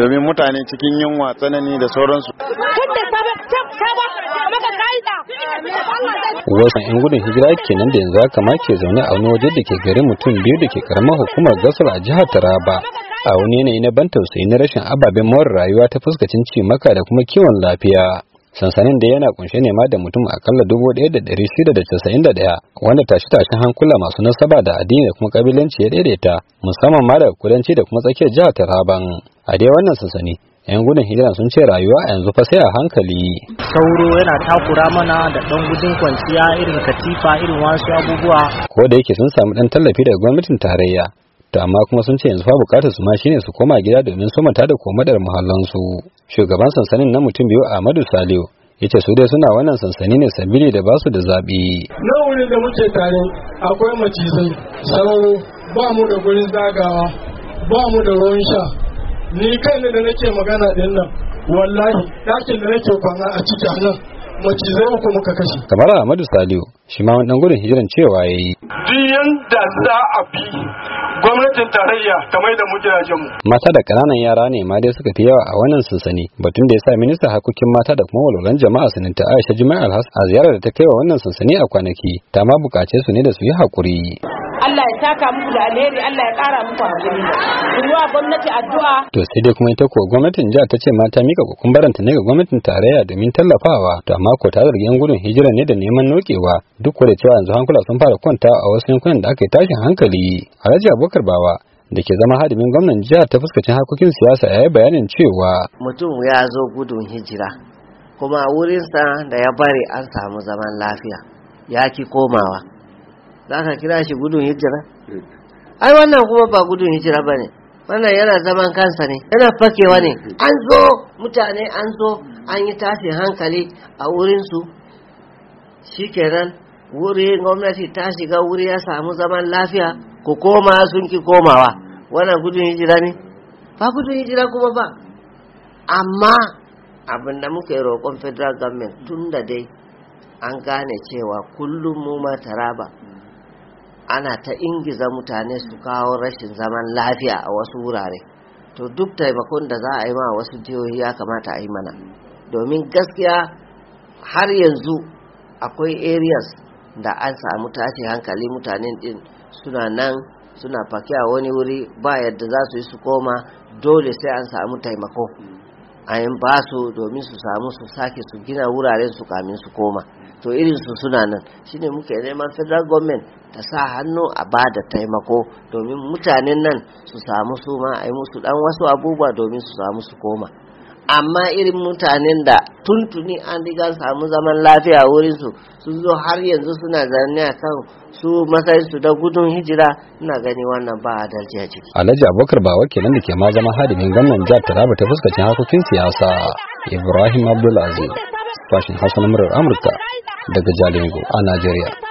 domin mutane cikin yunwa tsanani da sauransu. Wasan 'yan gudun hijira kenan da yanzu haka make ke zaune a wani waje da ke garin mutum biyu da ke karamar hukumar gasar a jihar Taraba. A wani yanayi na ban tausayi na rashin ababen mawar rayuwa ta fuskacin cimaka da kuma kiwon lafiya. sansanin da yana kunshe ne ma da mutum akalla dubu ɗaya da ɗari shida da casa'in da ɗaya wanda tashi tashin hankula masu nasaba da addini da kuma kabilanci ya daidaita musamman ma daga kudanci da kuma tsakiyar jihar Taraban a dai wannan sansani yan gudun hijira sun ce rayuwa a yanzu fa sai a hankali sauro yana takura mana da ɗan gudun kwanciya irin katifa irin wasu abubuwa ko da yake sun sami ɗan tallafi daga gwamnatin tarayya to amma kuma sun ce yanzu fa bukatar su ma shine su koma gida domin su mata da komadar muhallansu shugaban sansanin na mutum biyu ahmadu saliu ya ce su dai suna wannan sansani ne sabili da basu da zaɓi na wurin da muke tare akwai macizai sauro ba mu da gurin zagawa ba mu da ruwan sha ni kai ne da nake magana din nan wallahi ɗakin da nake kwana a cikin nan macizai uku muka kashe kamar Ahmadu Saliu shi ma wani gudun hijiran cewa yayi duk yanda za a bi gwamnatin tarayya kamar da mu gidajen mu mata da ƙananan yara ne ma dai suka fi yawa a wannan sansani batun da ya sa minista hakokin mata da kuma walwalan jama'a saninta Aisha Juma'a Alhas a ziyarar da ta kai wa wannan sansani a kwanaki ta ma su ne da su yi hakuri Allah ya taka muku da alheri Allah ya kara muku hakuri ruwa gwamnati addu'a to sai dai kuma ita ko gwamnatin jiha ta ce mata mika kokumbaran ta ne ga gwamnatin tarayya domin tallafawa to amma ko ta zargi yan gudun hijira ne da neman nokewa duk da cewa yanzu hankula sun fara kwanta a wasu yankunan da aka yi tashin hankali Alhaji Abubakar Bawa da ke zama hadimin gwamnan jihar ta fuskacin harkokin siyasa ya yi bayanin cewa mutum ya zo gudun hijira kuma wurinsa da ya bari an samu zaman lafiya ya ki komawa za ka kira shi gudun hijira hmm. ai wannan kuma ba gudun hijira ba ne wannan yana zaman kansa ne yana fakewa ne hmm. an zo mutane an zo an yi tashin hankali a wurinsu shikenan wuri gwamnati ta shiga wuri ya samu zaman lafiya ku koma sun ki komawa wannan gudun hijira ne ba gudun hijira kuma ba amma abin da muke roƙon federal government tun da dai an gane cewa kullum mu ma taraba ana ta ingiza mutane su kawo rashin zaman lafiya a wasu wurare to duk taimakon da za a yi ma wasu jihohi ya kamata a yi mana domin gaskiya har yanzu akwai areas da an samu tashi hankali mutanen din suna nan suna a wani wuri ba yadda za su yi su koma dole sai an samu taimako a yin ba su domin su samu su sake su gina wuraren su kamin su koma to irin irinsu suna nan shi shine muke neman federal government ta sa hannu a ba da taimako domin mutanen nan su samu su ma a yi musu dan wasu abubuwa domin su samu su koma amma irin mutanen da tuntuni an riga samu zaman lafiya wurinsu sun zo har yanzu suna zane a kan su matsayinsu da gudun hijira ina gani wannan ba adalci a ciki. Alhaji Abubakar Bawa kenan da ke ma zama hadimin gannan jihar Taraba ta fuskacin hakokin siyasa Ibrahim Abdulaziz. fashin Hausa Murar Amurka daga Jalingo a Najeriya.